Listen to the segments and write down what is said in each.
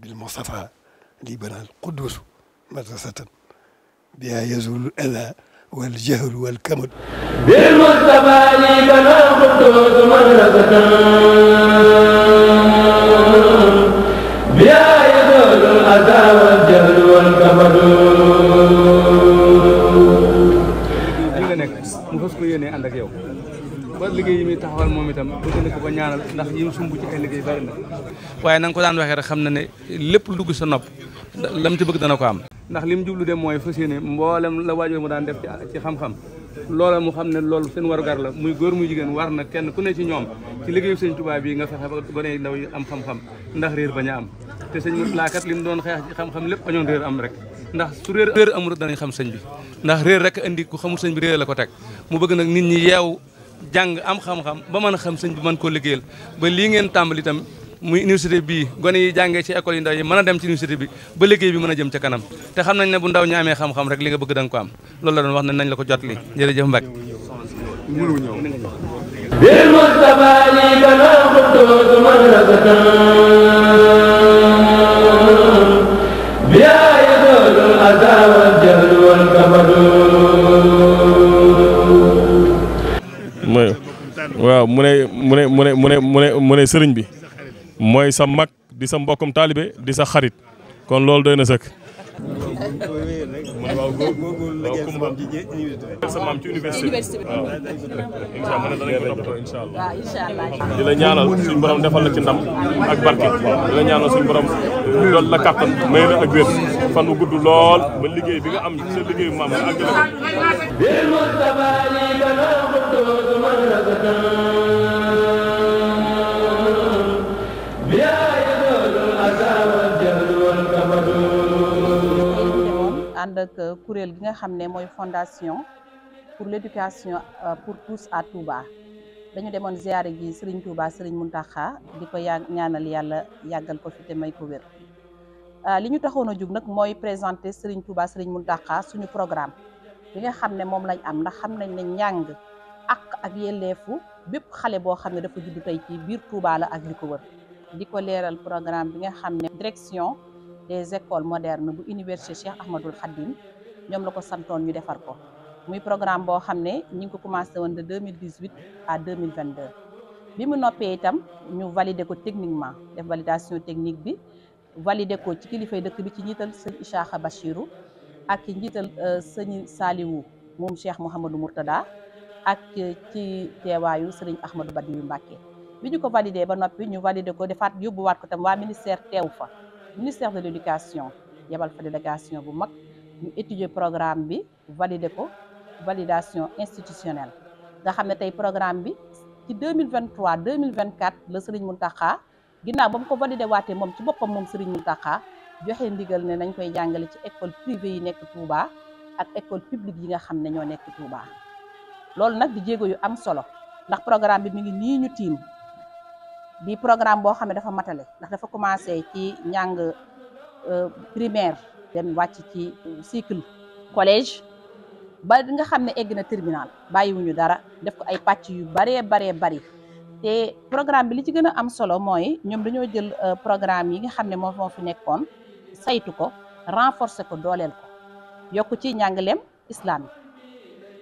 bil Mustafa li banal quddus madrasatan biha yazulu al-adha wal jahl wal kamal bil Mustafa li banal quddus madrasatan biha yazulu al-adha wal jahl wal kamal li nga nekk mu fas ko yéene ànd ak yow ba liggéey yi muy taxawal moom itam ko ñaanal ndax yim sumb ci ay liggéey bari na waaye na nga ko daan waxee rek xam na ne lépp dugg sa nopp lam ko am ndax li mu jublu dem mooy fas yéene mboolem la waajur mu daan def ci xam-xam loola mu xam ne loolu seen warugar la muy góor muy jigéen war na kenn ku ne ci ñoom ci liggéeyu sëñ Tuubaa bi nga fexe ba gone yi ndaw yi am xam-xam ndax réer baña am te sëñ Murtalaa kat li mu doon xeex ci xam-xam lépp bañoon réer am rek ndax su réer amul danañ xam sëñ bi ndax réer rek indi ku xamul la ko teg jàng am xam-xam ba man a xam sëñ bi man koo liggéeyal ba lii ngeen tàmbali tam muy université bii gone yi jàngee ci école yi ndaw yi mën a dem ci université bi ba liggéey bi mën a jëm ca kanam te xam nañ ne bu ndaw ñi amee xam-xam rek li nga bëgg da ko am loolu la doon wax ne nañ la ko jot li jërëjëf Mbacke بالمصطفى jàppee sëriñ bi mooy sa mag di sa mbokkum taalibe di sa xarit kon loolu doy na sëkk. waaw sa maam ci université di la ñaanal suñu borom defal la ci ndam ak barke di la ñaanal suñu borom dool la kàttan may ak wér fan wu gudd lool ba liggéey bi nga am sa liggéey maam nga àggale ko ànd ak euh, kuréel gi nga xam ne mooy fondation pour l'éducation euh, pour tous à Touba dañu demoon ziare ji Serigne Touba Serigne Mountakha di ko yàgg ñaanal yàlla yàggal ko fi te may ko wér. Euh, li ñu taxoon a jug nag mooy présenter Serigne Touba Serigne Mountakha suñu programme bi nga xam ne moom lañ am ndax xam nañ ne njàng ak ak yelleefu bépp xale boo xam ne dafa juddu tey ci biir Touba la ak li ko wër di ko leeral programme bi nga xam ne direction. des écoles modernes bu université Cheikh Ahmadoul Khadim ñoom la ko santoon ñu defar ko muy programme boo xam ne ñu ngi ko commencé woon de 2018 à 2022 bi mu noppee itam ñu valider ko techniquement def validation technique bi valider ko ci kilifay dëkk bi ci njiital sëñ Ishaaka Bachiru ak ci njiital euh, sëñ Saliwu moom Cheikh Mouhamadou Mourtada ak ci teewaayu sëriñ Ahmadou yu Mbacke bi ñu ko valider ba noppi ñu valider ko defaat yóbbuwaat ko tam waa ministère teew fa ministère de l' éducation yebal fa délégation bu mag ñu étudier programme bi valider ko validation institutionnelle nga xam ne tey programme bi ci 2023 2024 la Serigne Mountakha ginnaaw ba mu ko validé waatee moom ci boppam moom Serigne Mountakha joxe ndigal ne nañ koy jàngale ci école privée yi nekk Touba ak école publique yi nga xam ne ñoo nekk Touba loolu nag di jéego yu am solo ndax programme bi mi ngi nii ñu tiim di programme boo xam ne dafa matale ndax dafa commencé ci njàng euh, primaire dem wàcc ci cycle collège ba nga xam ne egg na terminal bàyyiwuñu dara def ko ay pàcc yu baree baree bari te programme bi li ci gën a am solo mooy ñoom dañoo jël euh, programme yi nga xam ne moom moo fi nekkoon saytu ko renforcer ko dooleel ko yokk ci njàngaleem islam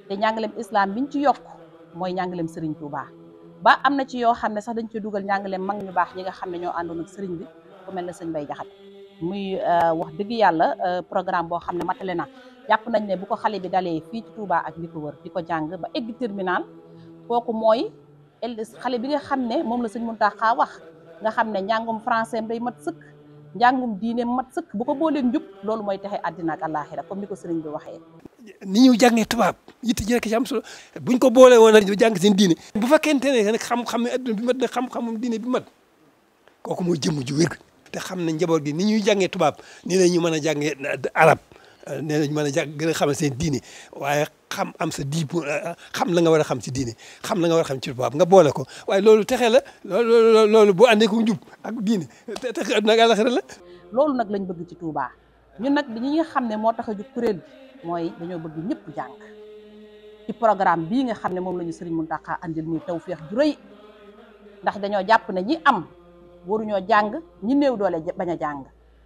te njàngaleem islam ñu ci yokk mooy njàngaleem Serigne Touba. ba am na ci yoo xam ne sax dañ ci dugal njàngale mag ñu baax ñi nga xam ne ñoo àndoon ak sëriñ bi ku mel ne sëñ Bay Jaxate muy euh, wax dëgg yàlla euh, programme boo xam ne matale na jàpp nañ ne bu ko xale bi dalee fii ci ak li ko wër di ko jàng ba egg terminal kooku mooy xale bi nga xam ne moom la sëñ Muntaxa wax nga xam ne njàngum français mbay mat sëkk njàngum diine mat sëkk bu ko booleek njub loolu mooy texe àddina ak àllaaxira comme ni ko sëriñ bi waxee ni ñu jàngee tubaab yitte ji rek ci am solo buñ ko boolee woon nag jàng seen diine bu fekkente ne nag xam-xam adduna bi mat na xam-xamum diine bi mat kooku mooy jëmm ju wér te xam ne njaboot gi ni ñuy jàngee tubaab nii la ñu mën a jàngee arab nee nañ mën a jàng gën a xamal seen diine waaye xam am sa di xam la nga war a xam ci diine xam la nga war xam ci tubaab nga boole ko waaye loolu texe la loolu loolu bu àndee ko njub ak diine texe nag àlaxira la loolu nag lañ bëgg ci Touba ñun nag ñi ne moo tax a jug mooy dañoo bëgg ñëpp jàng ci programme bii nga xam ne moom la ñu Serigne Mountakha andil muy tawféex ju rëy ndax dañoo jàpp ne ñi am waruñoo jàng ñi néew doole bañ a jàng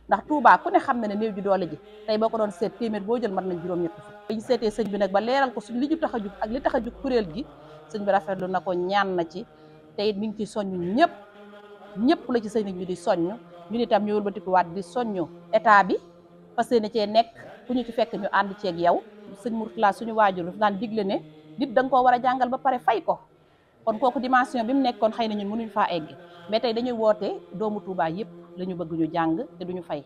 ndax Touba ku ne xam ne ne néew ji doole ji tey boo ko doon seet téeméer boo jël mën nañ juróom ñett fukk ñu seetee sëñ bi nag ba leeral ko suñ li ñu tax a jug ak li tax a jug kuréel gi sëñ bi rafetlu na ko ñaan na ci te it mi ngi ci soñ ñëpp ñëpp la ci sëñ bi di soñ ñu itam ñu wëlbatikuwaat di soññ état bi parce que na cee nekk ku ñu ci fekk ñu ànd ceeg yow sëñ Mourtala suñu waajur daan digle ne nit da koo war a jàngal ba pare fay ko kon kooku dimension bi mu nekkoon xëy na ñun mënuñ faa egg tey dañuy woote doomu Touba yëpp la bëgg ñu jàng te duñu fay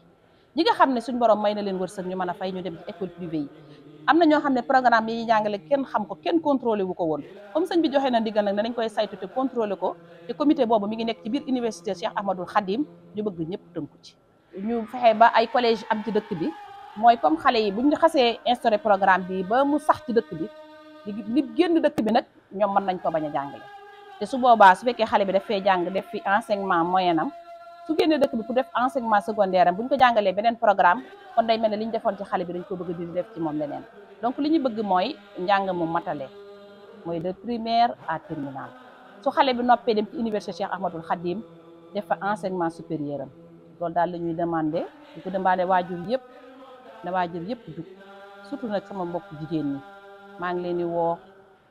ñi nga xam ne suñu borom may na leen wërsëg ñu mën a fay ñu dem ci école privée yi am na ñoo xam ne programme yi ñu jàngale kenn xam ko kenn contrôlé wu ko woon comme sëñ bi joxe na ndigal nag danañ koy saytu te contrôlé ko te comité boobu mi ngi nekk ci biir université Cheikh Ahmadoul Khadim ñu bëgg ñëpp tënku ci ñu fexe ba ay collège am ci dëkk bi mooy comme xale yi bu ñu xasee instauré programme bi ba mu sax ci dëkk bi li génn dëkk bi nag ñoom mën nañ ko bañ a jàngale te su boobaa su fekkee xale bi daf fee jàng def fi enseignement moyen am su génnee dëkk bi pour def enseignement secondaire bu ko jàngalee beneen programme kon day mel ne li defoon ci xale bi dañ ko bëgg di def ci moom leneen donc lu ñu bëgg mooy njàng mu matale mooy de primaire à terminale su xale bi noppee dem ci université Cheikh Ahmadoul Khadim def fa enseignement supérieur am loolu daal lañuy ñuy demandé di ko waajur yëpp damaa jël yëpp jug surtout nag sama mbokk jigéen ñi maa ngi leen di woo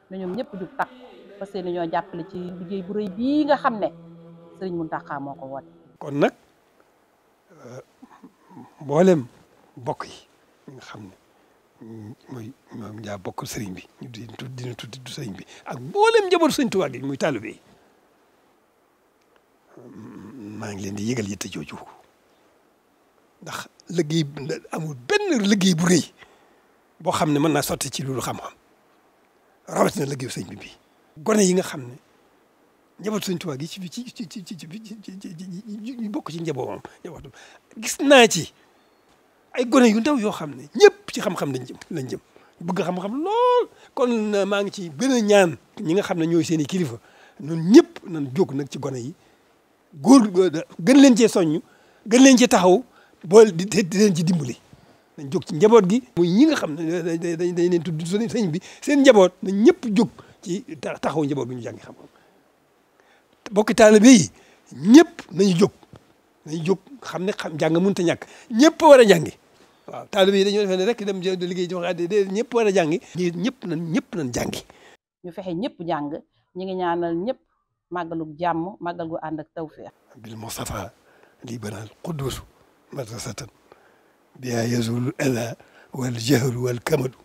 na ñoom ñëpp jug takk parce que ñoo jàppale ci liggéey bu rëy bii nga xam ne sëriñ Mountakha moo ko woote. kon nag euh, mboolem mbokk yi xam ne mooy bokk sëriñ bi ñu di dina tuddi du sëriñ bi ak mboolem njabootu sëriñ Tuubaa gi muy taalibe yi maa ngi leen di yëgal yitte jooju. liggéey amul benn liggéey bu rëy boo xam ne mën naa sotti ci loolu xam-xam rawatina liggéeyu sëñ bi bi gone yi nga xam ni njabootu sëñ Tuubaa gi ci ci ci ci ci ci bokk ci njabootam njabootam gis naa ci ay gone yu ndaw yoo xam ne ñëpp ci xam-xam lañ jëm lañ bëgg xam-xam lool kon maa ngi ci gën a ñaan ñi nga xam ne ñooy seen i kilifa ñun ñëpp na jóg nag ci gone yi góor gën leen cee soññ gën leen cee taxaw bool di di leen ci dimbali nañ jóg ci njaboot gi muy ñi nga xam ne dañ dañ dañ leen tudd sëñ bi seen njaboot nañ ñëpp jóg ci taxaw njaboot bi ñu jàngi xam bokki taalibe yi ñëpp nañu jóg nañu jóg xam ne xam jàng mënut a ñàkk ñëpp war a jàngi waaw taalibe yi dañoo defee ne rek dem liggéey jox addi dé ñëpp war a jàngi ñi ñëpp nañ ñëpp nañ jàngi ñu fexe ñëpp jàng ñu ngi ñaanal ñëpp màggalu jàmm màggal gu ànd ak tawfeex bil Mustafa li banal madrasatan biha yazulu al-adha wal jahlu wal kamadu